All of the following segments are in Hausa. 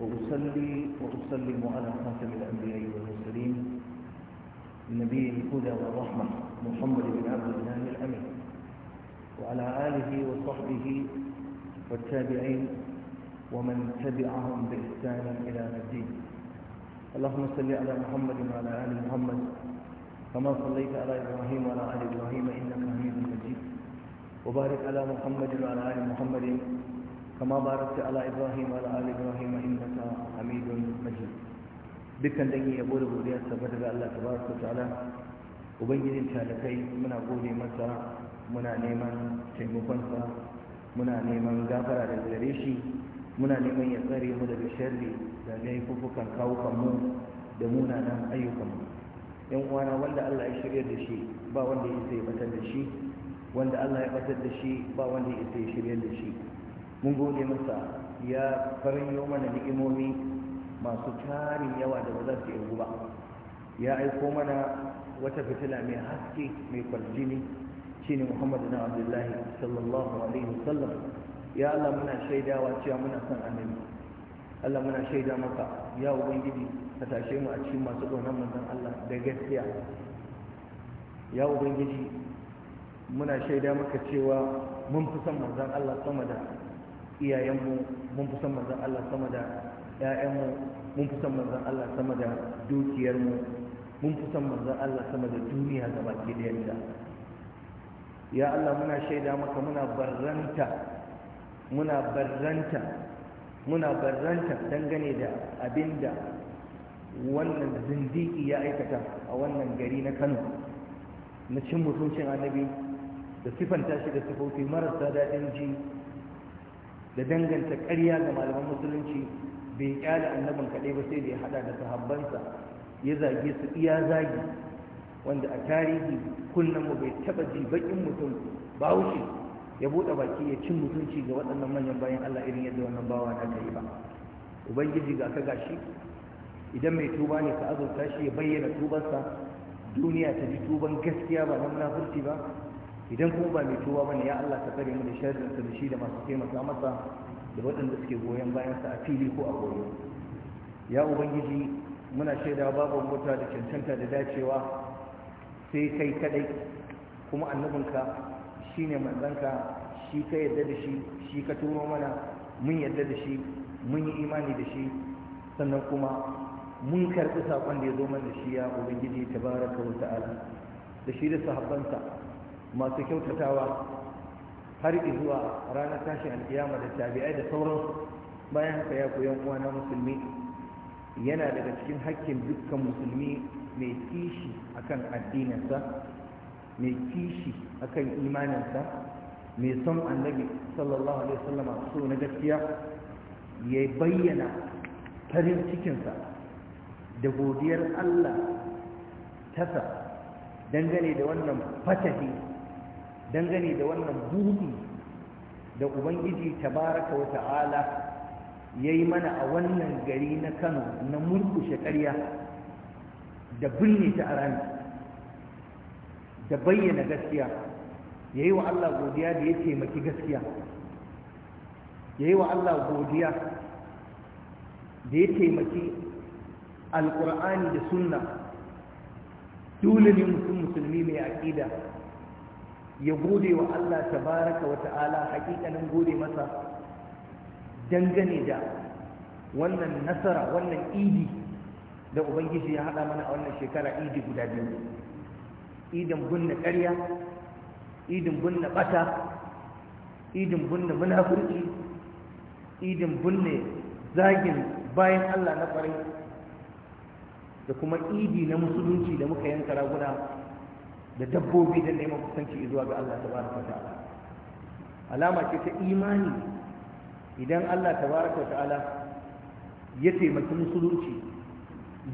وأصلي وأسلم على خاتم الأنبياء والمرسلين النبي الهدى والرحمة محمد بن عبد الله الأمين وعلى آله وصحبه والتابعين ومن تبعهم بإحسان إلى الدين اللهم صل على محمد وعلى آل محمد كما صليت على إبراهيم وعلى آل إبراهيم إنك حميد مجيد وبارك على محمد وعلى آل محمد كما باركت على إبراهيم وعلى آل إبراهيم إنك حميد مجيد dukkan dangi ya bude godiya tabbata ga Allah tabaraka ta'ala ubangijin talakai muna gode masa muna neman taimakonsa muna neman gafara da gare shi muna neman ya tsare mu daga sharri da laifukan kawukan mu da munanan yan uwana wanda Allah ya shirya da shi ba wanda ya sai batar da shi wanda Allah ya batar da shi ba wanda ya shirya da shi mun gode masa ya farin mana ni'imomi masu tarin yawa da ba za su irgu ba ya aiko mana wata fitila mai haske mai kwaljini shine muhammad na abdullahi sallallahu alaihi wasallam ya allah muna shaidawa cewa muna son annabi allah muna shaida maka ya ubangiji ka tashe mu a cikin masu ƙaunar manzon allah da gaskiya ya ubangiji muna shaida maka cewa mun fi son manzon allah sama da iyayenmu mun fi son manzon Allah sama da 'ya'yanmu mun fi son manzon Allah sama da dukiyarmu mun fi son manzon Allah sama da duniya da ke da yadda ya Allah muna shaida maka muna barranta muna barranta muna barranta dangane da abinda wannan zindiki ya aikata a wannan gari na Kano na cin mutuncin annabi da sifanta shi da sifofi marasa daɗin ji da danganta ƙarya ga malaman musulunci bai kyale annabin kaɗai ba sai da ya haɗa da sahabbansa ya zage su iya zagi wanda a tarihi kunnanmu mu bai taɓa ji baƙin mutum bawushi ya buɗe baki ya cin mutunci ga waɗannan manyan bayan Allah irin yadda wannan bawa na yi ba ubangiji ga ka gashi idan mai tuba ne ka azurta shi ya bayyana tubansa duniya ta ji tuban gaskiya ba na munafurci ba idan kuma ba mai tuwa bane ya Allah ka tsare mu da sharrin sa da shi da masu taimaka masa da waɗanda suke goyon bayan sa a fili ko a goyo ya ubangiji muna shaida babu mota da cancanta da dacewa sai kai kadai kuma annabinka shine manzanka shi ka yadda da shi shi ka turo mana mun yadda da shi mun yi imani da shi sannan kuma mun karɓi saƙon da ya zo mana shi ya ubangiji tabaraka wa ta'ala da shi da sahabbansa masu kyautatawa har zuwa ranar tashin alkiyama da tabi'ai da sauran bayan haka ya koyan uwana musulmi yana daga cikin hakkin dukkan musulmi mai kishi akan addininsa mai kishi akan imaninsa mai son annabi sallallahu alaihi wasallama so na gaskiya ya bayyana farin cikinsa da godiyar Allah tasa dangane da wannan fatahi dangane da wannan buɗi da ubangiji tabaraka wa ta'ala ya yi mana a wannan gari na kano na murkushe ƙarya da binne ta arami da bayyana gaskiya ya yi wa allah godiya da ya taimaki gaskiya ya yi wa allah godiya da ya taimaki alƙur'ani da sunna dole ne mutum musulmi mai aƙida ya gode wa Allah Ta baraka wa ta'ala hakikanin gode masa dangane da wannan nasara wannan idi da ubangiji ya haɗa mana a wannan shekara idi guda biyu idin bunna ƙarya idin bunna ɓata idin bunna munafurci idin bunne zagin bayan Allah na ƙwarai da kuma idi na musulunci da muka yanka raguna da dabbobi da neman kusanci zuwa ga Allah tabaraka ta'ala alama ce ta imani idan Allah tabaraka ta'ala ya taimaki musulunci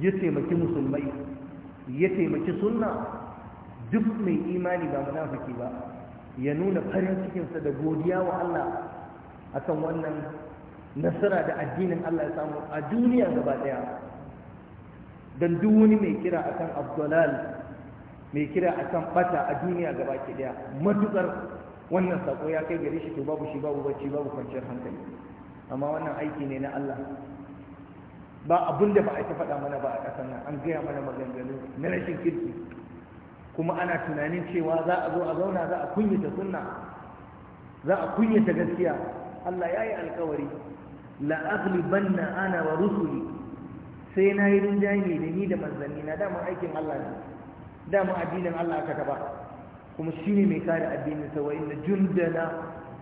ya taimaki musulmai ya taimaki sunna duk mai imani ba munafiki ba ya nuna farin cikinsa da godiya wa Allah akan wannan nasara da addinin Allah ya samu a duniya gaba ɗaya. dan duk wani mai kira akan abdulal mai kira a kan bata a duniya gaba ke daya matukar wannan sako ya kai gare shi to babu shi babu bacci babu kwanciyar hankali amma wannan aiki ne na Allah ba abun da ba a ta faɗa mana ba a ƙasar nan an gaya mana maganganu na rashin kirki kuma ana tunanin cewa za a zo a zauna za a kunyata sunna za a kunyata gaskiya Allah ya yi alkawari la banna ana wa rusuli sai na yi rinjaye da ni da manzanni na dama aikin Allah ne dama addinin Allah aka taba kuma shine mai kare addinin sa wa inna jundana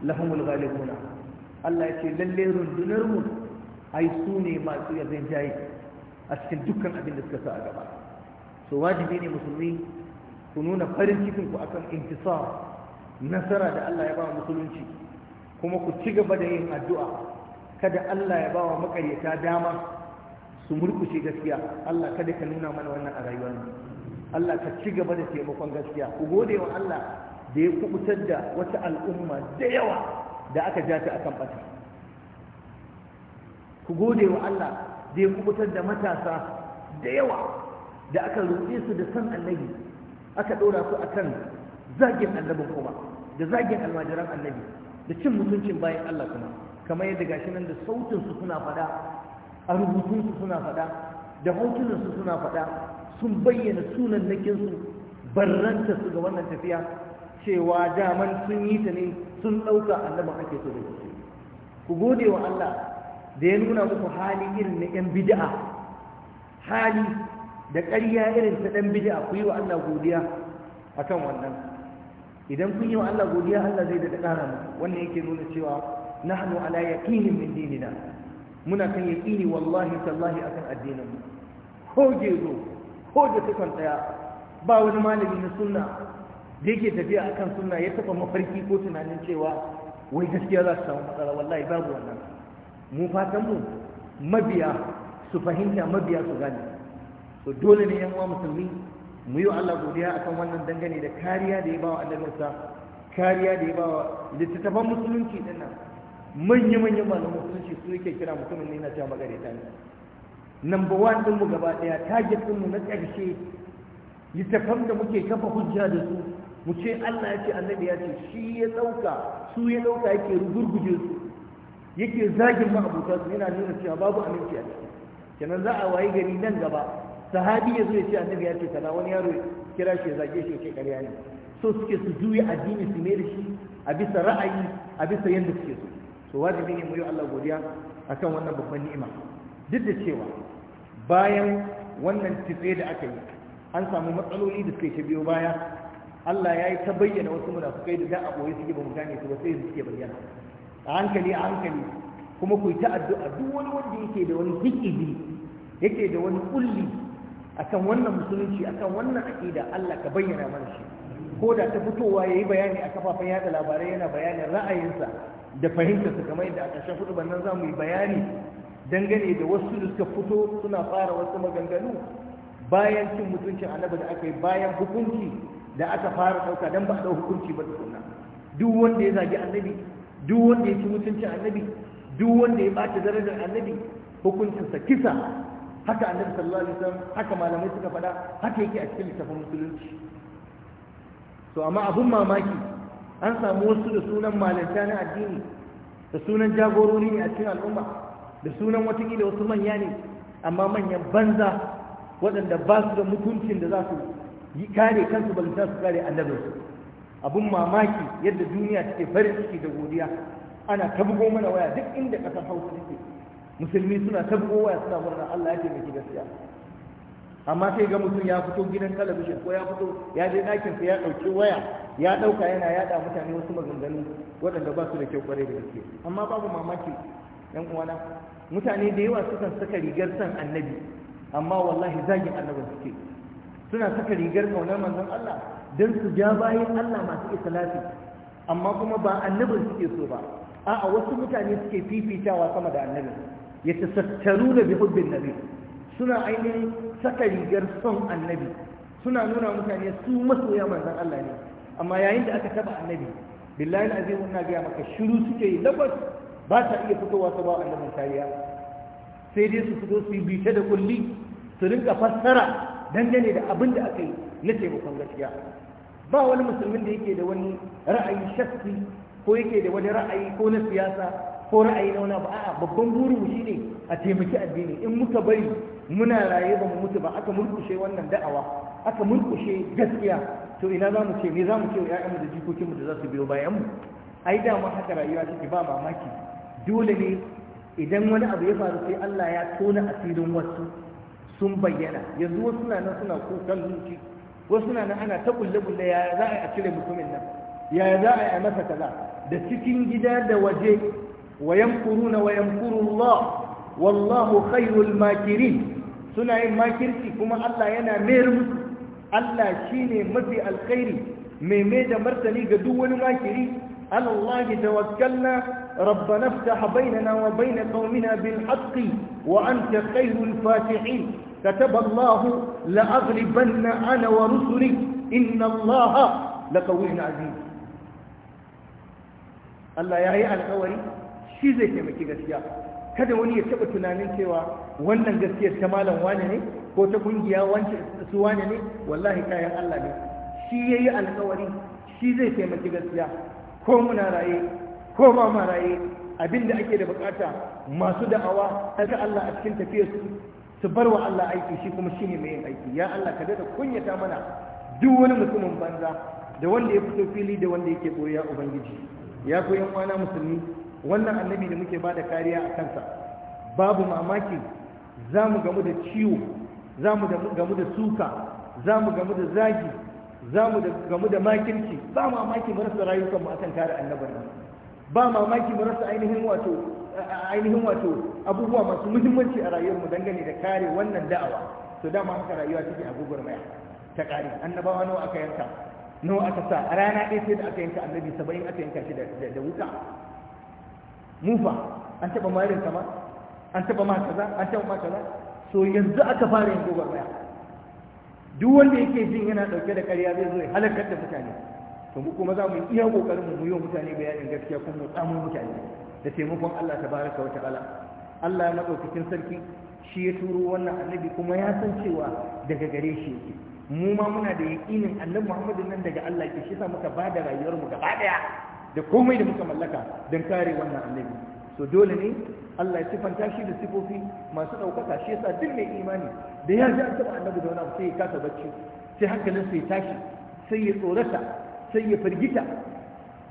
lahumul ghalibuna Allah ya ce lalle rundunar mu ai su ne masu yabin jayi a cikin dukkan abin da suka sa a gaba so wajibi ne musulmi ku nuna farin cikin ku akan intisar nasara da Allah ya ba musulunci kuma ku ci gaba da yin addu'a kada Allah ya ba wa makaryata dama su murkushe gaskiya Allah kada ka nuna mana wannan a rayuwar mu Allah ka ci gaba da taimakon gaskiya ku gode wa Allah da ya kubutar da wata al'umma da yawa da aka ja ta akan bata ku gode wa Allah da ya kubutar da matasa da yawa da aka rufe su da san annabi aka ɗora su akan zagin annabin kuma da zagin almajiran annabi da cin mutuncin bayan Allah kuma kamar yadda gashi nan da sautin su suna faɗa a rubutun su suna faɗa da hotunan su suna faɗa sun bayyana sunan nakinsu barranta su ga wannan tafiya cewa daman sun yi ta ne sun ɗauka annabin ake so da su ku gode wa Allah da ya nuna muku hali irin na 'yan bid'a hali da ƙarya irin ta ɗan bid'a ku yi wa Allah godiya akan wannan idan kun yi wa Allah godiya Allah zai daɗa ƙara mu wannan yake nuna cewa nahnu ala yaqinin min dinina muna kan yaqini wallahi tallahi akan addinin mu ko gezo ko da sukan tsaya ba wani malami na sunna da yake tafiya akan sunna ya taba mafarki ko tunanin cewa wai gaskiya za su samu matsala wallahi babu wannan mu fatan mu mabiya su fahimta mabiya su gane to dole ne yan uwa musulmi mu yi Allah godiya akan wannan dangane da kariya da ya bawa annabinsa kariya da ya bawa littattafan musulunci dinnan manya-manyan sun ce su yake kira mutumin ne na cewa magareta ne number one ɗinmu gaba ɗaya target ɗinmu na ƙarshe littafan da muke kafa hujja da su mu ce Allah ya ce annabi ya ce shi ya ɗauka su ya ɗauka yake rugurguje su yake zagin ma'abuta su yana nuna cewa babu aminci a ciki kenan za a wayi gari nan gaba sahabi ya zo ya ce annabi ya ce kaza wani yaro kira shi ya zage shi ya ƙarya ne so suke su juya addini su mai da shi a bisa ra'ayi a bisa yadda suke so So wajibi ne mu yi Allah godiya akan wannan babban ni'ima duk da cewa bayan wannan tife da aka yi an samu matsaloli da suke ta biyo baya Allah ya yi ta bayyana wasu munafukai da za a boye suke ba mu gane su ba sai su suke bayyana a hankali a hankali kuma ku ta addu'a duk wani wanda yake da wani hikibi yake da wani kulli akan wannan musulunci akan wannan aqida Allah ka bayyana mana shi ko da ta fitowa yayi bayani a kafafen yada labarai yana bayanin ra'ayinsa da fahimtarsa kamar yadda a ƙarshen hudu nan za mu yi bayani dangane da wasu da suka fito suna fara wasu maganganu bayan cin mutuncin annabi da aka yi bayan hukunci da aka fara ɗauka don ba a ɗau hukunci ba tukuna duk wanda ya zagi annabi duk wanda ya ci mutuncin annabi duk wanda ya ɓata darajar annabi hukuncinsa kisa haka annabi sallallahu alaihi wasallam haka malamai suka faɗa haka yake a cikin littafin musulunci to amma abun mamaki an samu wasu da sunan malanta na addini da sunan jagorori ne a cikin al'umma da sunan watakila wasu manya ne amma manyan banza waɗanda ba su da mutuncin da za su yi kare kansu balanta su kare annabinsu abun mamaki yadda duniya take farin ciki da godiya ana tabgo mana waya duk inda ƙasar hausa take musulmi suna tabgo waya suna murna allah ya taimaki gaskiya amma sai ga mutum ya fito gidan talabijin ko ya fito ya je ɗakinsa ya ɗauki waya ya ɗauka yana yaɗa mutane wasu maganganu waɗanda ba su da kyau ƙwarai da gaske amma babu mamaki yan uwana mutane da yawa sukan saka rigar san annabi amma wallahi zagin annabin suke suna saka rigar kaunar manzon Allah don su ja bayan Allah masu islafi amma kuma ba annabin suke so ba a'a wasu mutane suke fifitawa sama da annabi. ya da bi hubbin nabi suna ainihin saka rigar son annabi suna nuna mutane su masoya manzon Allah ne amma yayin da aka taba annabi billahi alazim ina ga maka shiru suke yi labas ba ta iya fitowa ta ba annabin kariya sai dai su fito su yi bita da kulli su rinka fassara dangane da abin da aka yi na taimakon gaskiya ba wani musulmin da yake da wani ra'ayi shakki ko yake da wani ra'ayi ko na siyasa ko ra'ayi na wani ba a'a babban burinmu shine a taimaki addini in muka bari muna raye ba mu mutu ba aka murkushe wannan da'awa aka murkushe gaskiya to ina za mu ce me za mu ce wa 'ya'yanmu da jikokinmu da za su biyo bayanmu ai da mu haka rayuwa take ba mamaki dole ne idan wani abu ya faru sai Allah ya tona asirin wasu sun bayyana yanzu wasu na nan suna kukan zuci wasu na nan ana ta kulle-kulle ya za a cire mutumin nan ya za a yi masa kaza da cikin gida da waje wa yamkuruna wa yamkurullah wallahu khairul makirin suna yin makirci kuma Allah yana mayar musu Allah shine mafi alkhairi mai mai da martani ga duk wani makiri على الله توكلنا ربنا افتح بيننا وبين قومنا بالحق وأنت خير الفاتحين كتب الله لأغلبن أنا ورسلي إن الله لقوي عزيز الله يا هي الخوري shi zai taimaki gaskiya kada wani ya taba tunanin cewa wannan gaskiyar ta malam wani ne ko ta kungiya wani su wani ne wallahi kayan Allah ne shi yayi alƙawari shi zai taimaki gaskiya ko muna raye ko ba mu raye abinda ake da bukata masu da'awa daga Allah a cikin tafiyar su su bar wa Allah aiki shi kuma shine mai yin aiki ya Allah ka dada kunyata mana duk wani mutumin banza da wanda ya fito fili da wanda yake boye ya ubangiji ya ko yan uwana musulmi wannan annabi da muke bada kariya a kansa babu mamaki za gamu da ciwo za gamu da suka zamu gamu da zagi za mu gamu da makirci ba mamaki mu rasa rayukanmu akan kare annabar nan ba mamaki mu rasa ainihin wato abubuwa masu muhimmanci a rayuwarmu dangane da kare wannan da'awa to dama haka rayuwa cikin a maya ta kare annabawa nawa aka yanka nawa aka sa a rana ɗaya sai da aka yanka annabi saba'in aka yanka shi da wuta mufa an taɓa mayarin kama an taɓa ma kaza an taɓa ma kaza so yanzu aka fara yin maya. duk wanda yake jin yana dauke da karya zai zo ya halakar da mutane to mu kuma za mu iya kokarin mu yi mutane bayanin gaskiya kuma mu tsamo mutane da taimakon Allah tabaraka wa ta'ala Allah ya madaukakin sarki shi ya turo wannan annabi kuma ya san cewa daga gare shi yake mu ma muna da yaƙinin annabi Muhammadu nan daga Allah ke shi sa muka bada rayuwar mu gaba daya da komai da muka mallaka don kare wannan annabi so dole ne Allah ya sifanta shi da sifofi masu ɗaukaka shi yasa duk mai imani da ya ji an taɓa annabi da wani abu sai ya kasa bacci sai hankalinsa sai tashi sai ya tsorata sai ya firgita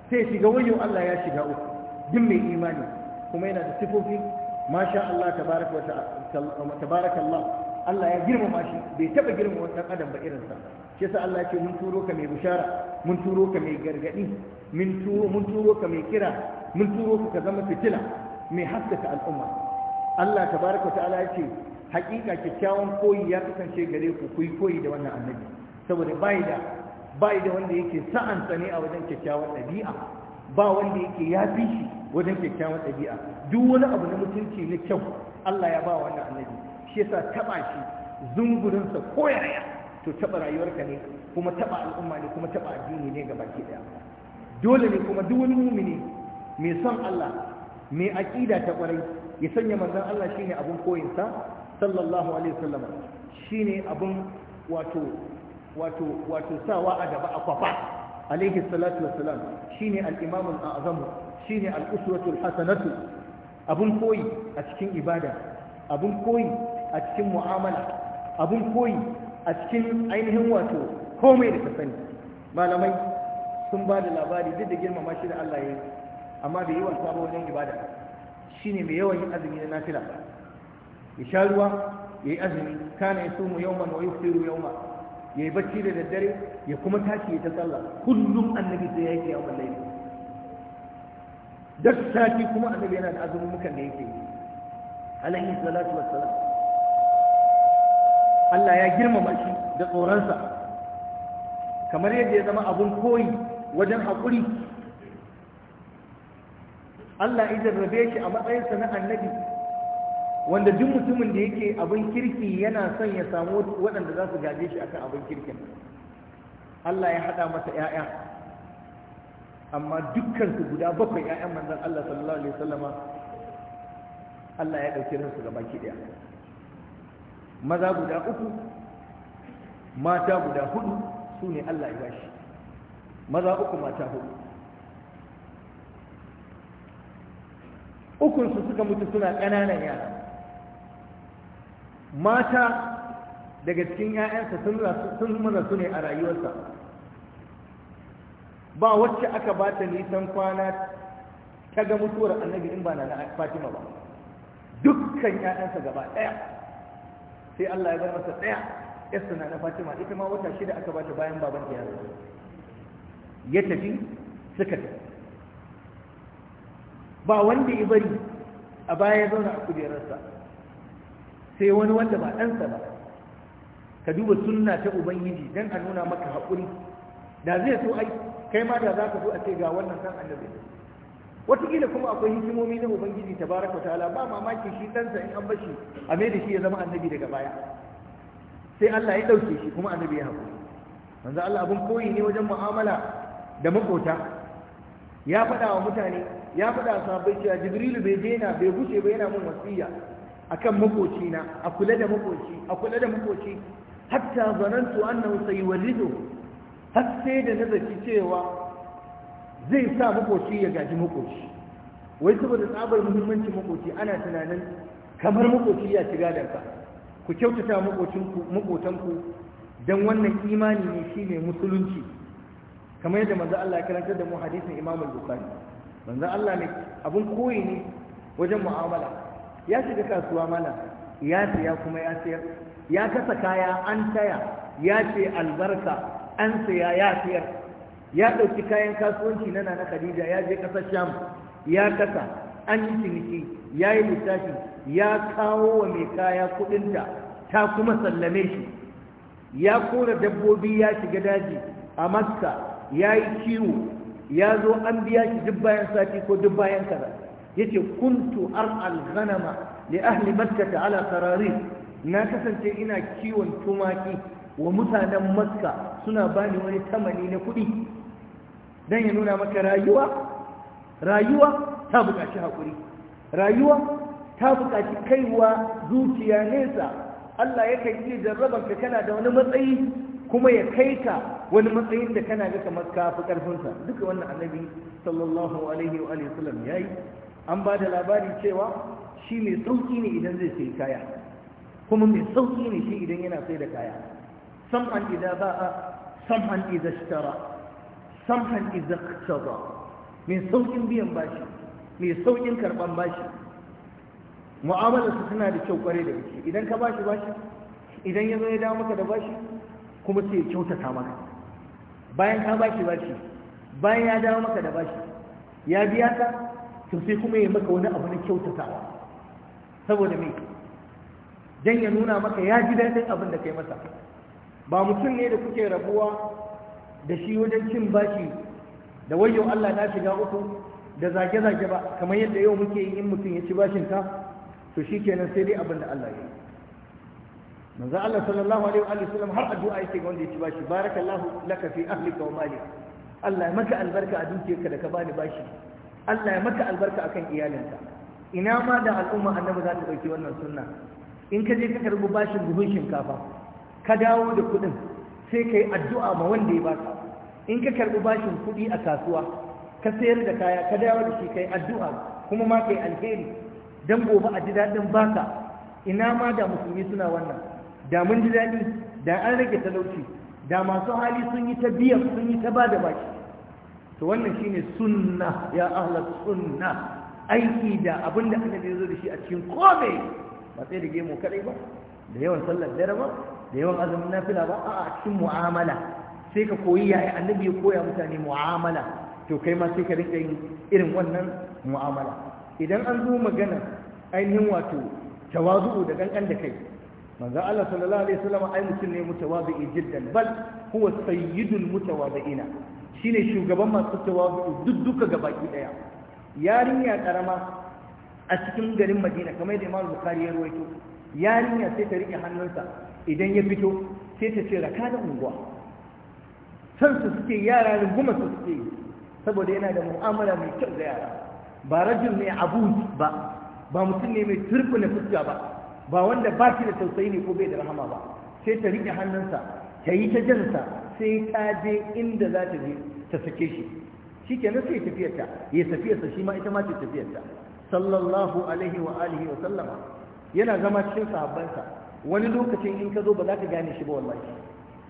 sai ya shiga wayo Allah ya shiga uku duk mai imani kuma yana da sifofi masha Allah tabaraka Allah Allah ya girmama shi bai taɓa girmama wani adam ba irinsa shi yasa Allah ya ce mun turo ka mai bushara mun turo ka mai gargaɗi mun turo ka mai kira mun turo ka ka zama fitila mai haskaka al'umma Allah tabaraka ta'ala ya ce hakika kyakkyawan koyi ya kasance gare ku ku yi koyi da wannan annabi saboda bai da bai da wanda yake sa'an tsane a wajen kyakkyawan ɗabi'a ba wanda yake ya fi shi wajen kyakkyawan ɗabi'a duk wani abu na mutunci na kyau Allah ya ba wannan annabi shi yasa taba shi zungurinsa ko yaya to taba rayuwarka ne kuma taba al'umma ne kuma taba addini ne gaba baki daya dole ne kuma duk wani mumini mai son Allah mai aƙida ta ƙwarai ya sanya manzon Allah shi shine abun koyinsa sallallahu alaihi wasallam shine abun wato wato wato sawa a gaba a kwafa alaihi salatu wassalam shine al-imam al-azam shine al-uswatu al-hasanatu abin koyi a cikin ibada abin koyi a cikin mu'amala abin koyi a cikin ainihin wato komai da ta sani malamai sun ba da labari duk da girmama shi da Allah ya yi amma bai yi wasa ba wajen ibada Shi ne mai yawan yin azumi na nafila ya sha ruwa ya yi azumi kana ya sumu yawman wa yuftiru yawma ya yi bacci da daddare ya kuma tashi ya ta sallah kullum annabi sai ya yake yawan laili duk sati kuma annabi yana da azumin mukan da yake yi alaihi salatu wassalam Allah ya girmama shi da tsoronsa kamar yadda ya zama abun koyi wajen haƙuri Allah ya jarrabe shi a matsayinsa na annabi wanda duk mutumin da yake abin kirki yana son ya samu waɗanda za su gaje shi akan abin kirkin Allah ya haɗa masa ‘ya'ya amma dukkan su guda bakwai ‘ya'yan manzan Allah sallallahu alaihi sallama. Allah ya ɗauki ransu gaba ki ɗaya maza guda uku mata guda hudu su ne Allah ya bashi maza uku mata hudu ukunsu suka mutu suna ƙananan yara mata daga cikin 'ya'yansa sun mura su ne a rayuwarsa ba wacce aka ba ta nisan kwana ta ga mutuwar annabi in ba na fatima ba dukkan 'ya'yansa gaba ɗaya sai allah ya bar masa ɗaya yarsa na na fatima ita ma wata shida aka ba ta bayan baban ta ya tafi suka tafi ba wanda ya bari a baya zauna a kujerarsa sai wani wanda ba ɗansa ba ka duba suna ta ubangiji don a nuna maka haƙuri da zai so ai kai ma da za ka so a ce ga wannan san annabi wataƙila kuma akwai hikimomi na ubangiji ta baraka ta'ala ba mamaki shi ɗansa in an bashi a mai da shi ya zama annabi daga baya sai Allah ya ɗauke shi kuma annabi ya haƙuri manzo Allah abin koyi ne wajen mu'amala da makota ya faɗa wa mutane ya faɗa sahabbai cewa jibrilu bai daina bai guce ba yana mun wasiya akan makoci na a kula da makoci a kula da makoci hatta zanantu annahu sayuwallidu har sai da nazarci cewa zai sa makoci ya gaji makoci wai saboda tsabar muhimmancin makoci ana tunanin kamar makoci ya shiga da ka ku kyautata makocinku makotanku dan wannan imani ne shine musulunci kamar yadda manzo Allah ya karantar da mu hadisin Imam Bukhari manzon Allah ne abun koyi ne wajen mu'amala ya shiga kasuwa mana ya siya kuma ya siyar ya kasa kaya an taya ya ce albarka an siya ya siyar ya ɗauki kayan kasuwanci na Nana Khadija ya je ƙasar Sham ya kasa an yi ciniki ya yi littafi ya kawo wa mai kaya kuɗinta ta kuma sallame shi ya kora dabbobi ya shiga daji a makka ya yi kiwo ya zo an biya shi duk bayan sati ko duk bayan kaza Ya ce kuntu ar'al ghanama li ahli makkah ala sarari na kasance ina kiwon tumaki wa mutanen makka suna bani wani tamani na kuɗi dan ya nuna maka rayuwa rayuwa ta buƙaci haƙuri rayuwa ta buƙaci kaiwa zuciya nesa Allah yakan iya jarrabanka kana da wani matsayi kuma ya kai ka wani matsayin da kana ga kamar ka fi karfinsa duka wannan annabi sallallahu alaihi wa sallam yi. an ba da labari cewa shi mai sauƙi ne idan zai sai kaya kuma mai sauƙi ne shi idan yana sai da kaya sam'an idza ba'a sam'an idza ishtara sam'an idza iqtada mai sauƙin biyan bashi mai sauƙin karɓan bashi mu'amalarsa suna da kyau kware da gaske idan ka bashi bashi idan ya zo ya dawo maka da bashi kuma sai ya kyautata maka bayan ka bashi bashi bayan ya dawo maka da bashi ya biya ka to sai kuma ya maka wani abu na kyautatawa saboda me dan ya nuna maka ya ji daɗin abin da kai masa ba mutum ne da kuke rabuwa da shi wajen cin bashi da wayo Allah na shiga uku da zage-zage ba kamar yadda yau muke yin, in mutum ya ci bashin ka to shikenan sai dai abin da Allah ya yi manzo Allah sallallahu alaihi wa sallam har addu'a yake ga wanda ya ci bashi barakallahu laka fi ahlika wa malik Allah ya maka albarka a dukiyarka da ka bani bashi Allah ya maka albarka akan iyalinka ina ma da al'umma annabi za ta dauki wannan sunna in ka je ka karbi bashin buhun shinkafa ka dawo da kuɗin sai ka yi addu'a ma wanda ya baka in ka karbi bashin kuɗi a kasuwa ka sayar da kaya ka dawo da shi ka yi addu'a kuma ma ka yi alheri dan gobe a ji daɗin baka ina ma da musulmi suna wannan da mun ji daɗi da an rage talauci da masu hali sun yi ta biya sun yi ta ba da baki to wannan shine sunna ya ahla sunna aiki da abin da annabi ya zo da shi a cikin kome ba sai da gemu kadai ba da yawan sallar dare ba da yawan azumin nafila ba a cikin mu'amala sai ka koyi yaya annabi ya koya mutane mu'amala to kai ma sai ka rinka yin irin wannan mu'amala idan an zo magana ainihin wato tawazu'u da kankan da kai manzo Allah sallallahu alaihi wasallam ai mutum ne mutawabi'i jiddan bal huwa sayyidul mutawabi'ina shine shugaban masu tawabi'u duk duka gabaki daya yarinya karama a cikin garin Madina kamar da Imam Bukhari ya rawaito yarinya sai ta rike hannunsa idan ya fito sai ta ce raka da unguwa san su suke yara runguma su suke saboda yana da mu'amala mai kyau da yara ba rajul mai Abuji ba ba mutum ne mai na fuska ba ba wanda ba shi da tausayi ne ko bai da rahama ba sai ta riƙe hannunsa ta yi ta jansa sai ta je inda za ta je ta sake shi shi kenan sai tafiyarta ya tafiyarsa shi ma ita ma ce tafiyarta sallallahu alaihi wa alihi wa sallama yana zama cikin sahabbansa wani lokacin in ka zo ba za ka gane shi ba wallahi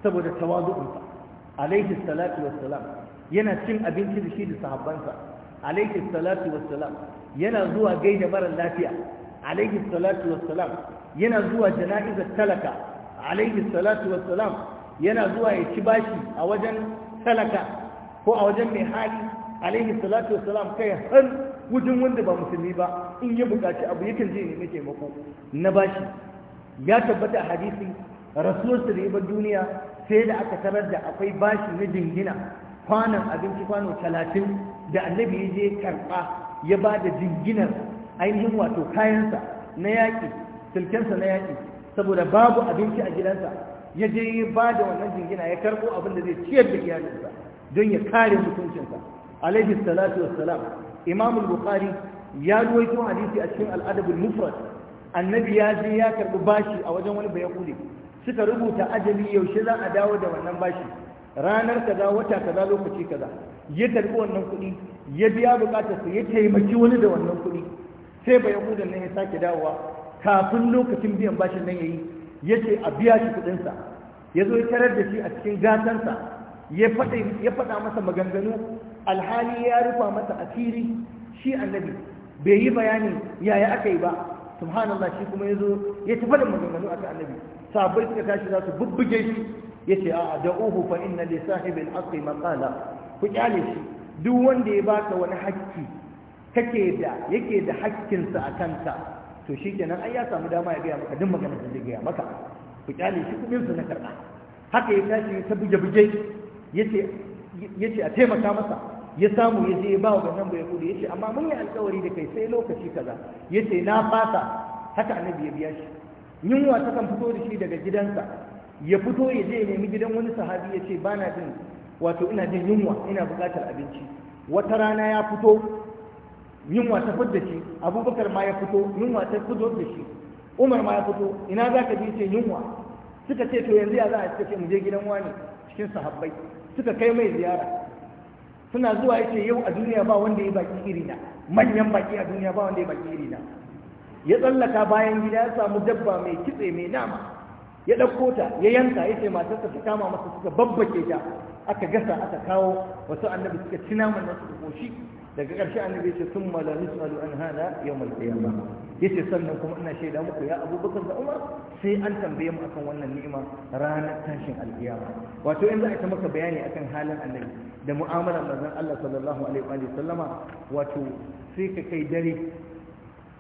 saboda tawazu'unsa alaihi salatu wa salam yana cin abinci da shi da sahabbansa alaihi salatu wa salam yana zuwa gaida mara lafiya alaihi salatu wassalam yana zuwa jana'izar talaka alaihi salatu wassalam yana zuwa ya ci bashi a wajen talaka ko a wajen mai hali alaihi salatu wassalam kai har wajen wanda ba musulmi ba in ya buƙaci abu yakan je nemi taimako na bashi ya tabbata hadisi rasuwar su ribar duniya sai da aka tarar da akwai bashi na jingina kwanan abinci kwano talatin da annabi ya je karɓa ya ba da jinginar ainihin wato kayansa na yaƙi silkensa na yaƙi saboda babu abinci a gidansa ya je ya ba da wannan jingina ya karɓo abin da zai ciyar da iyalinsa don ya kare mutuncinsa alaihi salatu wassalam imam al-bukhari ya ruwaito hadisi a cikin al-adab mufrad annabi ya je ya karɓi bashi a wajen wani bayakuli suka rubuta ajali yaushe za a dawo da wannan bashi ranar kaza wata kaza lokaci kaza ya karɓi wannan kuɗi ya biya buƙatarsa ya taimaki wani da wannan kuɗi sai ba yahudan nan ya sake dawowa kafin lokacin biyan bashin nan yayi yace a biya shi kudin sa zo ya tarar da shi a cikin gatansa ya faɗa masa maganganu alhali ya rufa masa asiri shi annabi bai yi bayani yaya aka yi ba subhanallah shi kuma ya zo. ya tafi da maganganu akan annabi sabai suka tashi za su bubbuge shi yace a da'uhu fa inna li sahibil haqqi maqala ku kyale shi duk wanda ya baka wani hakki kake da yake da hakkinsa a kanta to shi kenan ai ya samu dama ya gaya maka duk magana da zai gaya maka ku kyale shi kudin su na karɓa haka ya tashi ta buge buge yace yace a taimaka masa ya samu ya je ya ba wa nan bai kudi yace amma mun yi alƙawari da kai sai lokaci kaza yace na fasa haka annabi ya biya shi yunwa ta kan fito da shi daga gidansa ya fito ya je ya nemi gidan wani sahabi ya ce ba na jin wato ina jin yunwa ina buƙatar abinci wata rana ya fito yunwa ta fudda shi abubakar ma ya fito yunwa ta fito da shi umar ma ya fito ina za ka je yin yunwa suka ce to yanzu ya za a ce mu je gidan wani cikin sahabbai suka kai mai ziyara suna zuwa ya ce yau a duniya ba wanda ya baki iri na, manyan baki a duniya ba wanda ya baki iri na. ya tsallaka bayan gida ya samu dabba mai kitse mai nama ya ɗauko ta ya yanka ya ce matarsa ta kama masa suka babbake ta aka gasa aka kawo wasu annabi suka ci naman nan ko shi daga ƙarshe annabi ce sun mala nusalu an hana yau mai tsayama ya ce sannan kuma ina shaida muku ya abubakar da umar sai an tambaye mu akan wannan ni'ima ranar tashin alƙiyama wato yanzu za a ta maka bayani akan halin annabi da mu'amalar manzon Allah sallallahu alaihi wa sallama wato sai ka kai dare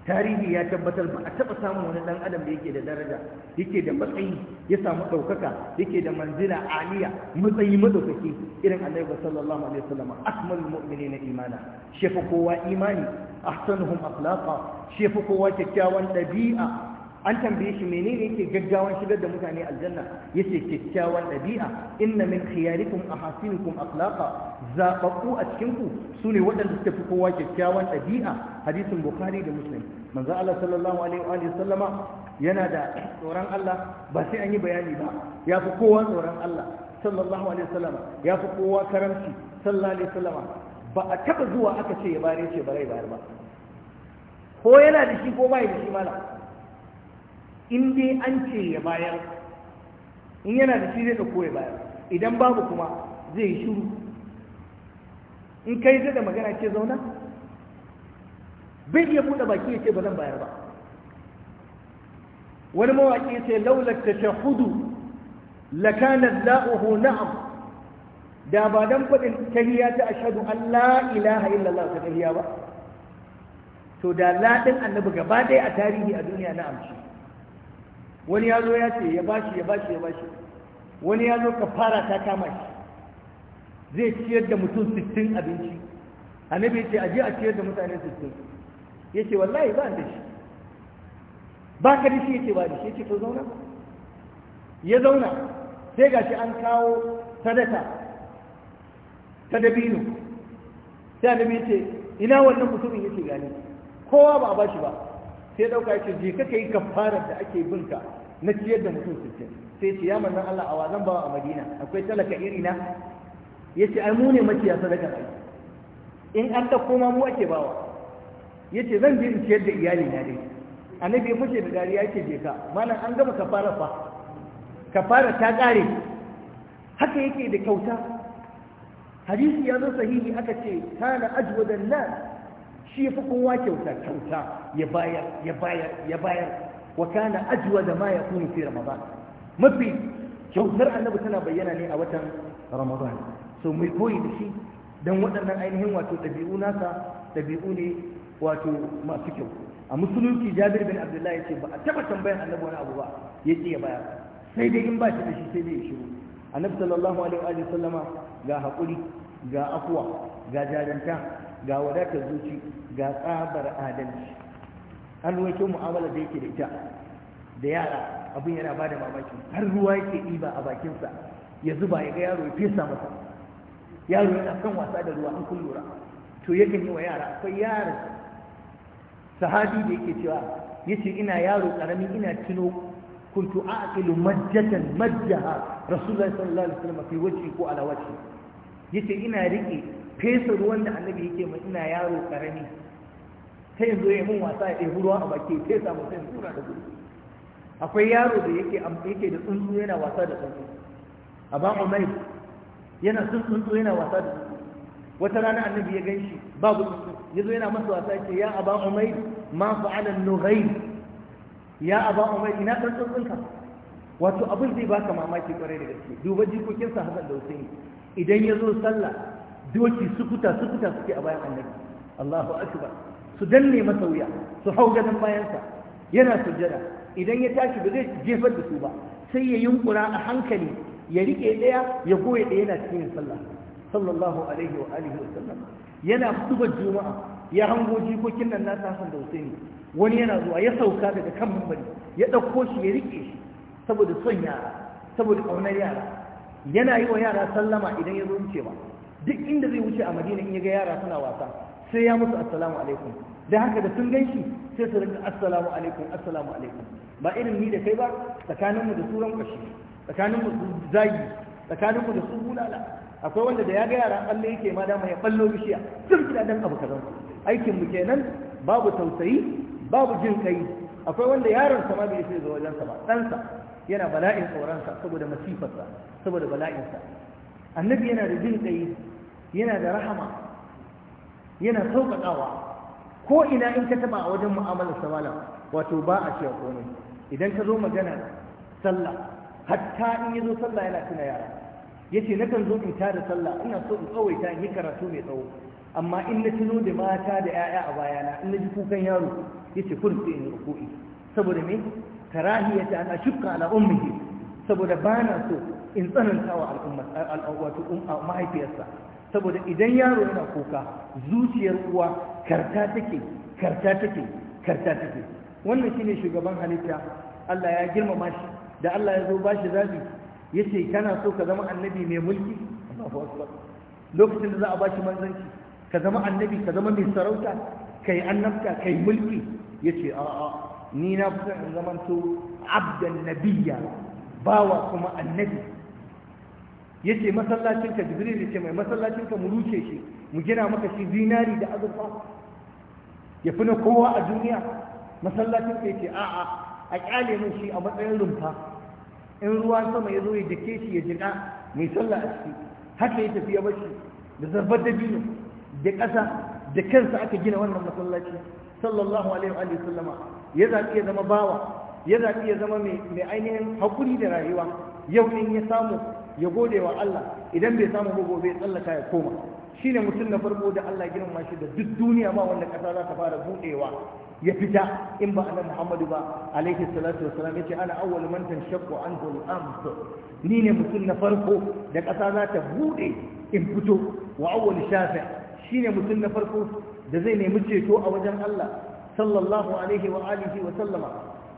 tarihi ya tabbatar ba a taɓa samun wani ɗan adam da yake da daraja yake da matsayi ya samu ɗaukaka yake da manzila aliya matsayi madaukaki irin annabi sallallahu alaihi wasallam akmal mu'minina imana shefa kowa imani ahsanuhum akhlaqa shefa kowa kyakkyawan ɗabi'a an tambaye shi menene yake gaggawan shigar da mutane aljanna yace kyakkyawan ɗabi'a inna min khiyarikum ahasinukum akhlaqa zaɓaɓɓu a cikin ku sune waɗanda suka fi kowa kyakkyawan ɗabi'a hadisin bukhari da muslim manzo Allah sallallahu alaihi wa sallama yana da tsoron Allah ba sai an yi bayani ba ya fi kowa tsoron Allah sallallahu alaihi wa sallama ya fi kowa karamci sallallahu alaihi wa sallama ba a taba zuwa aka ce ya bare ce bare bayar ba ko yana da shi ko bai da shi mala in dai an ce ya bayar in yana da shi zai dauko ya bayar idan babu kuma zai yi shiru in kai zai da magana ce zauna bai iya buɗe baki ya ce ba zan bayar ba wani mawaƙi ya ce laular ta shahudu lakanar la'uhu na'am da ba dan faɗin tahiya ta ashadu an la ilaha illallah ta tahiya ba to da ladin annabi gaba ɗaya a tarihi a duniya na amshi wani ya zo ya ce ya bashi ya bashi ya bashi wani ya zo ka fara ta kama shi zai ciyar da mutum sittin abinci annabi ya ce aje a ciyar da mutane sittin. yace wallahi ba da shi ba ka da shi yace ba da shi yace to zauna ya zauna sai gashi an kawo sadaka ta dabino sai annabi yace ina wannan mutumin yace gani kowa ba a bashi ba sai dauka yace je ka kai kafarar da ake binka na ciyar da mutum sittin sai ce ya manzon Allah a wazan bawa a Madina akwai talaka irina yace ai mu ne maciya sadaka in an da koma mu ake bawa Ya ce zan je in ciyar da iyali na dai annabi ya fashe da dariya yace je ka malam an gama kafara fa kafara ta kare haka yake da kyauta hadisi ya zo sahihi aka ce kana ajwadan nas shi yafi kowa kyauta kyauta ya bayar ya bayar ya bayar wa kana ajwada ma ya kunu fi ramadan mafi kyautar annabi tana bayyana ne a watan ramadan so mai koyi da shi don waɗannan ainihin wato ɗabi'u nasa ɗabi'u ne wato masu kyau a musulunci jabir bin abdullahi ya ce ba a taba tambayar annabi wani abu ba ya ce ya baya sai dai in ba shi da shi sai dai ya shiru annabi sallallahu alaihi wa sallama ga haƙuri ga afuwa ga jaranta ga wadatar zuci ga tsabar adalci an ruwaito mu'amala da yake da ita da yara abin yana ba da mamaki har ruwa yake ɗiba a bakinsa ya zuba ya ga yaro ya fesa masa yaro yana kan wasa da ruwa an kun lura to yakan yi wa yara akwai yara sahabi da yake cewa yace ina yaro ƙarami ina tuno kuntu aqilu majjatan majjaha rasulullahi sallallahu alaihi wasallam fi wajhi ko ala wajhi yace ina rike fesa ruwan da annabi yake mai ina yaro karami sai yanzu ya mun wasa ya ɗebi ruwa a baki fesa mu sai tsura da gudu akwai yaro da yake yake da tsuntsu yana wasa da tsuntsu a ba umai yana tsuntsu yana wasa da tsuntsu wata rana annabi ya ganshi babu tsuntsu yazo yana masu wasa ce ya aba umayr ma fa'ala nughayr ya aba umayr ina dan tsuntsunka wato abin zai baka mamaki kwarai da gaske duba jikokin sa Hassan da Hussein idan ya zo sallah doki sukuta sukuta suke a bayan annabi Allahu akbar su danne masa wuya su hau gadon bayansa yana sujjada idan ya tashi ba zai jefar da su ba sai ya yunkura a hankali ya rike daya ya goye daya yana cikin sallah sallallahu alaihi wa alihi wa sallam yana kutuba juma'a ya hango jikokin nan na Hassan da Husaini wani yana zuwa ya sauka daga kan mambari ya ɗauko shi ya rike shi saboda son yara saboda ƙaunar yara yana yi wa yara sallama idan ya zo ba duk inda zai wuce a madina in ya ga yara suna wasa sai ya musu assalamu alaikum da haka da sun gan shi sai su rinka assalamu alaikum assalamu alaikum ba irin ni da kai ba tsakaninmu da suran kwashi tsakaninmu da zagi tsakaninmu da su bulala akwai wanda da ya ga yara balle yake ma dama ya ballo bishiya sun gida dan abu kazan aikin mu kenan babu tausayi babu jin kai akwai wanda yaron sa ma bai sai zo wajen sa ba dan sa yana bala'in tsoron sa saboda masifar sa saboda bala'in sa annabi yana da jin kai yana da rahama yana sauƙaƙawa ko ina in ka taba a wajen mu'amalar sa malam wato ba a cewa komai idan ka zo magana sallah hatta in yi zo sallah yana tuna yara yace nakan zo in tada sallah ina so in tsawaita in yi karatu mai tsawo amma in na tuno da mata da 'ya'ya a bayana in na ji kukan yaro yace kun sai in ruku'i saboda me karahiyata ana shukka ala ummihi saboda bana so in tsananta wa al'umma al'awatu um, mahaifiyarsa saboda idan yaro yana kuka zuciyar uwa karta take karta take karta take wannan shine shugaban halitta Allah ya girmama shi da Allah ya zo ba shi zabi yace kana so ka zama annabi mai mulki Allahu akbar lokacin da za a bashi manzanci ka zama annabi ka zama mai sarauta kai annabta kai mulki yace a a ni na fi in zamanto abdan nabiyya bawa kuma annabi yace masallacin ka jibril yace mai masallacin ka mu ruce shi mu gina maka shi zinari da azurfa ya fi na kowa a duniya masallacin ka yace a a a kyale mun shi a matsayin rumfa in ruwan sama ya zo ya jike shi ya jika mai sallah a ciki haka ya tafi ya bashi da zarbar dabino da ƙasa da kansa aka gina wannan masallaci sallallahu alaihi wa sallama ya zaɓi ya zama bawa ya zaɓi ya zama mai ainihin haƙuri da rayuwa yau in ya samu ya gode wa Allah idan bai samu ba gobe ya tsallaka ya koma shine mutum na farko da Allah girma shi da duk duniya ma wanda kasa za ta fara buɗewa ya fita in ba annabi Muhammadu ba alaihi salatu wassalam yace ana awwal man tanshaqqu anhu al ni ne mutum na farko da kasa za ta buɗe in fito wa awwal shafi shine mutum na farko da zai nemi ceto a wajen Allah sallallahu alaihi wa alihi wa sallama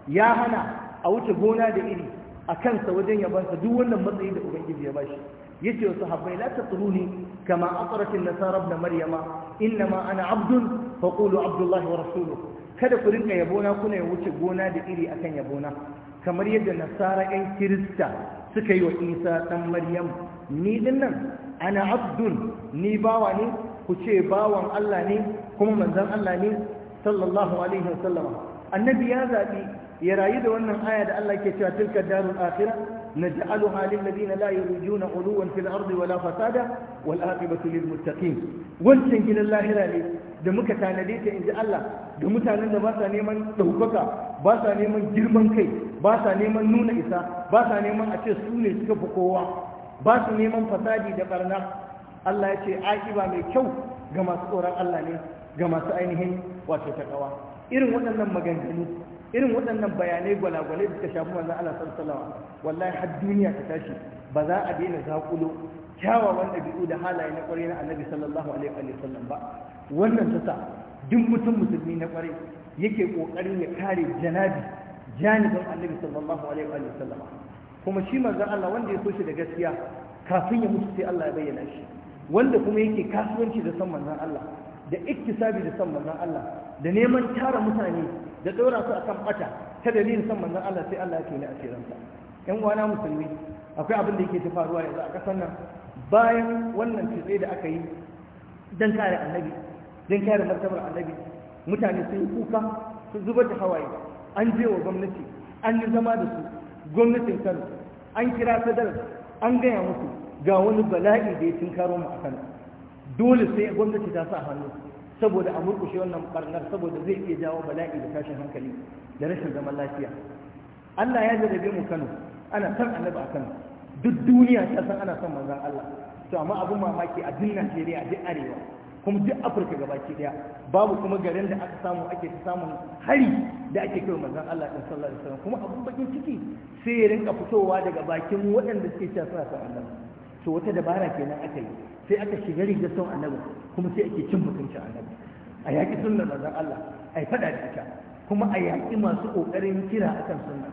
ya hana a wuce gona da iri a kansa wajen ya bansa duk wannan matsayi da ubangiji ya bashi yace wasu habbai la tatruni kama aqrat an-nasara ibn maryama innama ana abdun faqulu abdullahi wa rasuluhu kada ku rinka yabona kuna ya wuce gona da iri akan yabona kamar yadda nasara ɗan kirista suka yi wa isa ɗan maryam ni dinnan ana abdun ni bawa ne ku ce bawan allah ne kuma manzon allah ne sallallahu alaihi sallama. annabi ya zaɓi ya rayu da wannan aya da allah ke cewa tilka darul akhirah نجعلها للذين لا يريدون علوا في الأرض ولا فسادا والآقبة للمتقين wancan gidan lahira ne da muka tanade ta inji Allah da mutanen da ba sa neman ɗaukaka ba sa neman girman kai ba sa neman nuna isa ba sa neman a ce su ne suka fi kowa ba su neman fasadi da barna Allah ya ce aƙiba mai kyau ga masu tsoron Allah ne ga masu ainihin wato takawa irin waɗannan maganganu irin waɗannan bayanai gwalagwalai da ta shafi manzon Allah sallallahu wallahi har duniya ta tashi ba za a daina zakulo kyawawan ɗabi'u da halaye na ƙwarai na annabi sallallahu alaihi wa sallam ba wannan ta sa duk mutum musulmi na ƙwarai yake ƙoƙarin ya kare janabi janibin annabi sallallahu alaihi wa sallam kuma shi manzon Allah wanda ya so shi da gaskiya kafin ya mutu sai Allah ya bayyana shi wanda kuma yake kasuwanci da son manzon Allah da iktisabi da san manzon Allah da neman tara mutane da daura su akan bata ta dalilin san manzon Allah sai Allah a cikin asirinsa yan uwana musulmi akwai abin da yake ta faruwa yanzu a ƙasar nan bayan wannan tsitse da aka yi dan kare annabi don kare martabar annabi mutane sun kuka sun zubar da hawaye an je wa gwamnati an yi zama da su gwamnatin kano an kira sadar an gaya musu ga wani bala'i da ya tunkaro mu a kano dole sai gwamnati ta sa hannu saboda a murkushe wannan barnar saboda zai iya jawo bala'i da tashin hankali da rashin zaman lafiya Allah ya jarabe mu Kano ana san annabi a Kano duk duniya ta san ana son manzan Allah to amma abin mamaki a duk Najeriya duk arewa kuma duk Afirka gabaki daya babu kuma garin da aka samu ake samun hari da ake kai manzon Allah din sallallahu alaihi wasallam kuma abin bakin ciki sai ya rinka fitowa daga bakin waɗanda suke cewa suna son Allah to wata dabara kenan aka yi sai aka shiga rigar annabi kuma sai ake cin mutuncin annabi a yaƙi sunnar manzon Allah a yi faɗa da ita kuma a yaƙi masu ƙoƙarin kira akan sunna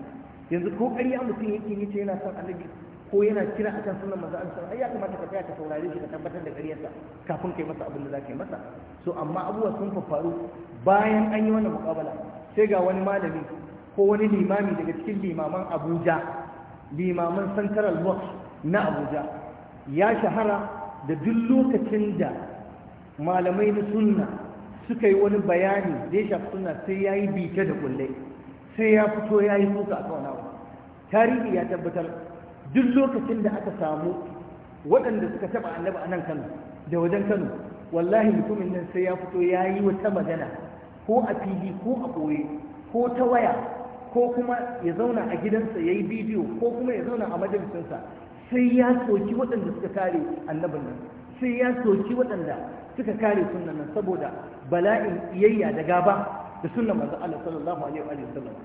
yanzu ko ƙarya mutum yake yi ce yana son annabi ko yana kira akan sunan manzo Allah sallallahu ya kamata ka tsaya ka saurare shi ka tabbatar da ƙaryarsa kafin kai masa abin da za ka yi masa so amma abubuwa sun faru bayan an yi wannan muƙabala sai ga wani malami ko wani limami daga cikin limaman Abuja limaman Central Mosque na Abuja ya shahara da duk lokacin da malamai na sunna suka yi wani bayani da ya shafi sunna sai ya yi bita da kullai sai ya fito ya yi muka a kawana tarihi ya tabbatar duk lokacin da aka samu waɗanda suka taɓa annaba a nan kano da wajen kano wallahi mutumin nan sai ya fito ya yi wata magana ko a fili ko a ɓoye ko ta waya ko kuma ya zauna a gidansa ya yi bidiyo ko kuma ya zauna a majalisinsa sai ya soki waɗanda suka kare annabin nan sai ya soki waɗanda suka kare sunan nan saboda bala'in iyayya da gaba da sunan manzo Allah sallallahu alaihi wa sallam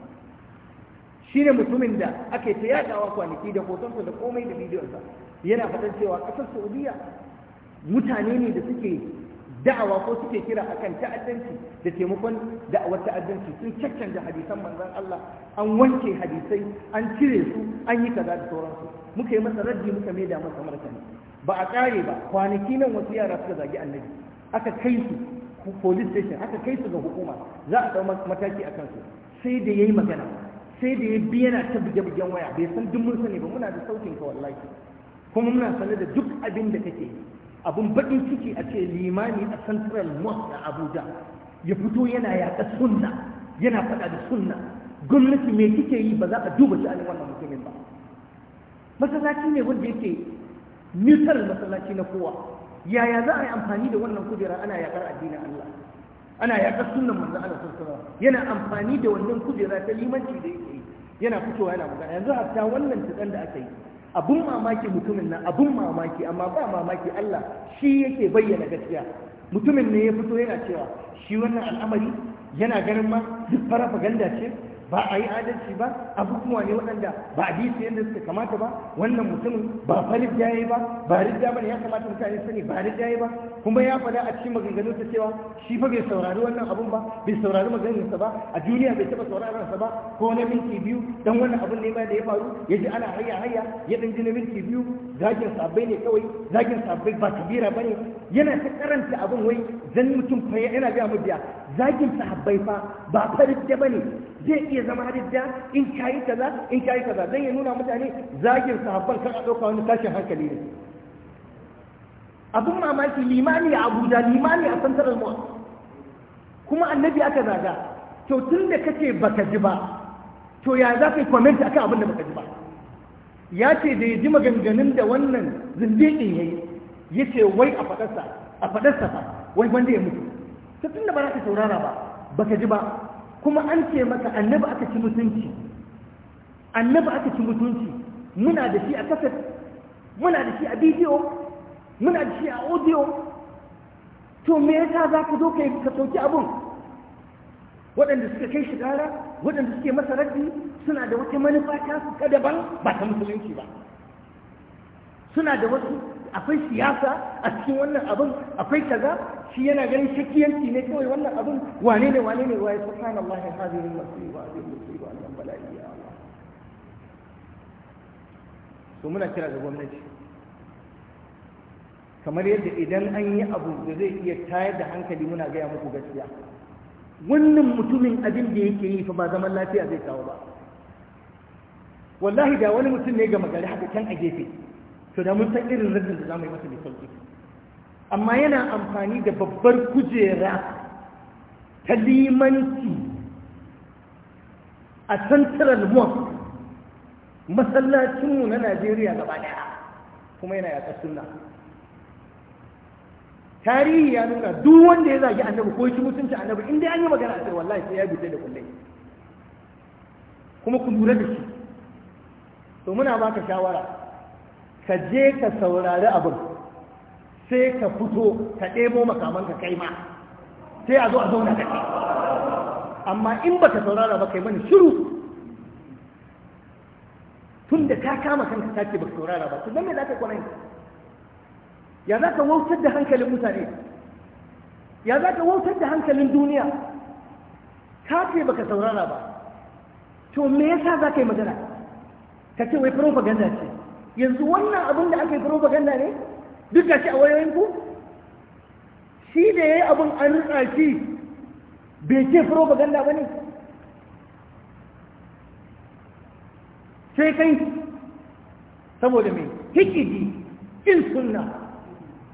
shine mutumin da ake ta yadawa kwanaki da hotonsa da komai da bidiyon bidiyonsa yana fatan cewa ƙasar Saudiya mutane ne da suke da'awa ko suke kira akan ta'addanci da taimakon da'awar ta'addanci sun caccanja hadisan manzon Allah an wanke hadisai an cire su an yi kaza da sauransu muka yi masa raddi muka mai da masa martani ba a kare ba kwanaki nan wasu yara suka zagi annabi aka kai su police station aka kai su ga hukuma za a dau mataki akan su sai da yayi magana sai da ya bi yana ta buge-bugen waya bai san duk mun sani ba muna da sautin ka wallahi kuma muna sanar da duk abin da kake yi abun baɗin ciki a ce limani a central mosque a abuja ya fito yana yaƙa sunna yana faɗa da sunna gwamnati me kike yi ba za a duba sha'anin wannan mutumin ba masallaci ne wanda yake neutral masallaci na kowa yaya za a yi amfani da wannan kujera ana yaƙar addinin Allah ana yaƙar sunnan manzo Allah sallallahu yana amfani da wannan kujera ta limanci da yake yi yana fitowa yana magana yanzu hatta wannan tudan da aka yi abun mamaki mutumin nan abun mamaki amma ba mamaki Allah shi yake bayyana gaskiya mutumin ne ya fito yana cewa shi wannan al'amari yana ganin ma duk ganda ce ba a yi adalci ba a abubuwa ne waɗanda ba a bi yadda suka kamata ba wannan mutumin ba farid ya yi ba ba ridda ba ya kamata mutane sani ba ridda ya ba kuma ya faɗa a cikin maganganu ta cewa shi fa bai saurari wannan abun ba bai saurari maganganunsa ba a duniya bai taɓa sauraron sa ba ko na minti biyu dan wannan abun ne ma da ya faru ya ji ana hayya haya ya ɗan ji na minti biyu zagin sabbai ne kawai zagin sabbai ba kabira ba ne yana ta karanta abun wai zan mutum fa yana biya mu biya zagin sabbai fa ba farid da bane zai iya zama hadidda in kayi kaza in kayi kaza dan ya nuna mutane zagin sahabban kan a dauka wani tashin hankali ne abun mamaki limani a Abuja limani a Central mu kuma annabi aka zaga to tun da kake baka ji ba to ya za ka yi comment akan abin da baka ji ba ya ce da ya ji maganganun da wannan zindiƙin ya yi ya ce wai a faɗarsa a faɗarsa ba wai wanda ya mutu ta tun da ba za ka saurara ba baka ji ba kuma an ce maka annabi aka ci mutunci annabi aka ci mutunci muna da shi a kasar muna da shi a bidiyo muna da shi a audio to me yasa za ka zo ka ka sauki abun waɗanda suka kai shi gara waɗanda suke masa raddi suna da wata manufa ta su ka daban ba ta musulunci ba suna da wasu akwai siyasa a cikin wannan abin akwai kaza shi yana ganin shakiyanci ne kawai wannan abin wane ne wane ne waye masu yi al-musiba hadhihi yi wa nan bala'i ya Allah to muna kira ga gwamnati kamar yadda idan an yi abu da zai iya tayar da hankali muna gaya muku gaskiya wannan mutumin abin da yake yi fa ba zaman lafiya zai kawo ba wallahi da wani mutum ne ga magari haka can a gefe to da mun san irin raddin da zamu yi masa mai sauki amma yana amfani da babbar kujera ta limanci a central mosque masallacinmu na najeriya gaba daya kuma yana yaƙar sunna tarihi ya nuna duk wanda ya zagi annabi ko shi mutunci annabi in dai an yi magana a sai wallahi sai ya guje da kullai kuma ku lura da shi to muna baka shawara ka je ka saurari abin sai ka fito ka ɗebo makamanka kai ma sai a zo a zauna da amma in baka saurara ba kai mani shiru tun da ka kama kanka ta ce baka saurara ba tun me za ka kwanayi ya za ka wautar da hankalin mutane ya za ka wautar da hankalin duniya ka ce baka saurara ba to me yasa za ka yi magana ka ce wai ganda ce yanzu wannan abin da aka yi propaganda ne duk shi a wayoyin ku shi da ya yi abin an rutsa shi bai ce propaganda ba ne sai kai saboda mai hikidi in sunna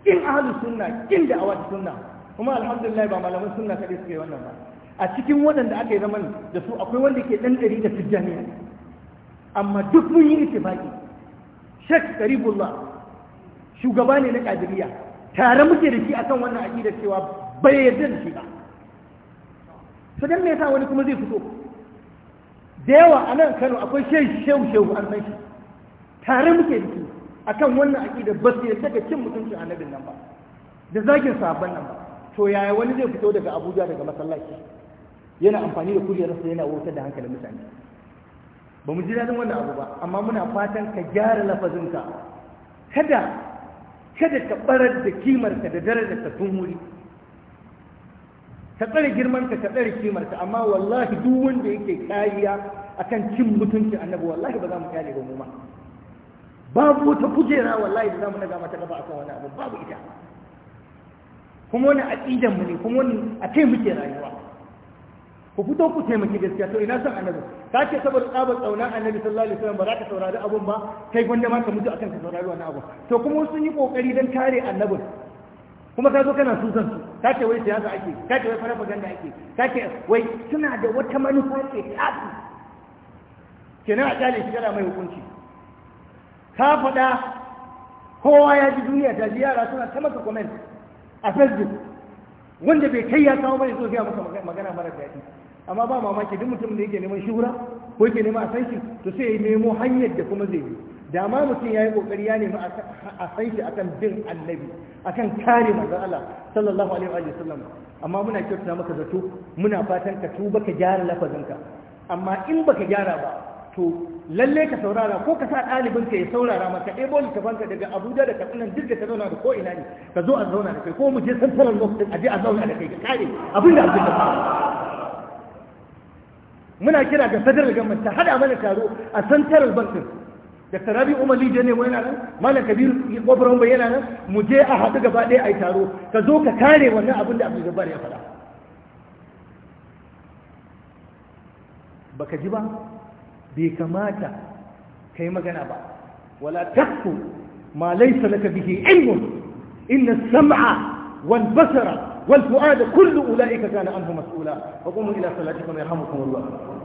in ahalus sunna in da awa sunna kuma alhamdulillah ba malamin sunna kaɗai suke wannan ba a cikin waɗanda aka yi zaman da su akwai wanda ke ɗan ɗari da tijjaniya amma duk mun yi ittifaqi Sheikh karibullah shugaba ne na kadiriya tare muke da shi akan wannan aqida cewa bai yarda da shi ba to dan me yasa wani kuma zai fito da yawa a nan Kano akwai Sheikh shehu shehu an san shi tare muke da shi akan wannan aqida ba sai yarda ga cin mutuncin annabin nan ba da zagin sahabban nan ba to yaya wani zai fito daga Abuja daga masallaci yana amfani da kujerarsa yana wutar da hankalin mutane ba mu ji daɗin wannan abu ba amma muna fatan ka gyara lafazinka kada kada ka barar da kimarka da ka tun wuri ka tsare girmanka ka tsare kimarka amma wallahi duk wanda yake kariya akan cin mutunci annabi wallahi ba za mu kyale ba mu ma babu wata kujera wallahi da za mu naga mata gaba akan wani abu babu ita kuma wani aqidan mu ne kuma wani a kai muke rayuwa ku fito ku taimaki gaskiya to ina son annabi ka ce saboda tsabar tsauna annabi sallallahu alaihi wasallam ba za ka saurari abun ba kai gwanda ma ka mutu akan ka saurari wannan abu to kuma sun yi kokari dan kare annabin kuma ka zo kana susan su ka ce wai siyasa ake ka ce wai farfaganda ake ka ce wai suna da wata manufa ce tasu kenan a kyale shi kana mai hukunci ka faɗa kowa ya ji duniya ta ji yara suna ta maka comment a facebook wanda bai kai ya kawo bane zo ya maka magana mara daɗi amma ba mamaki duk mutum da yake neman shura, ko yake neman a san shi to sai ya nemo hanyar da kuma zai yi da ma mutum ya yi kokari ya nemi a san shi akan bin annabi akan kare manzo Allah sallallahu alaihi wa sallam amma muna kyautata maka zato muna fatan ka tuba ka gyara lafazinka amma in baka gyara ba to lalle ka saurara ko ka sa ɗalibin ka ya saurara maka ka banka daga abuja da katsinan duk da ka zauna da ko ina ne ka zo a zauna da kai ko mu je santarar lokacin a je a zauna da kai ka kare abin da abin da fara muna kira ga sadar gamman ta hada mana taro a central bank din Dr. Rabi Umar Lijiya ne yana nan, Malam Kabiru Kwabaron bai yana nan, mu je a haɗu gaba ɗaya a yi taro, ka zo ka kare wannan abin da Abdul ya faɗa. Baka ji ba, bai kamata ka yi magana ba, wala takku ma laisa laka bihi ilmun inna sam'a wal basara والفؤاد كل أولئك كان عنه مسؤولا فقوموا إلى صلاتكم يرحمكم الله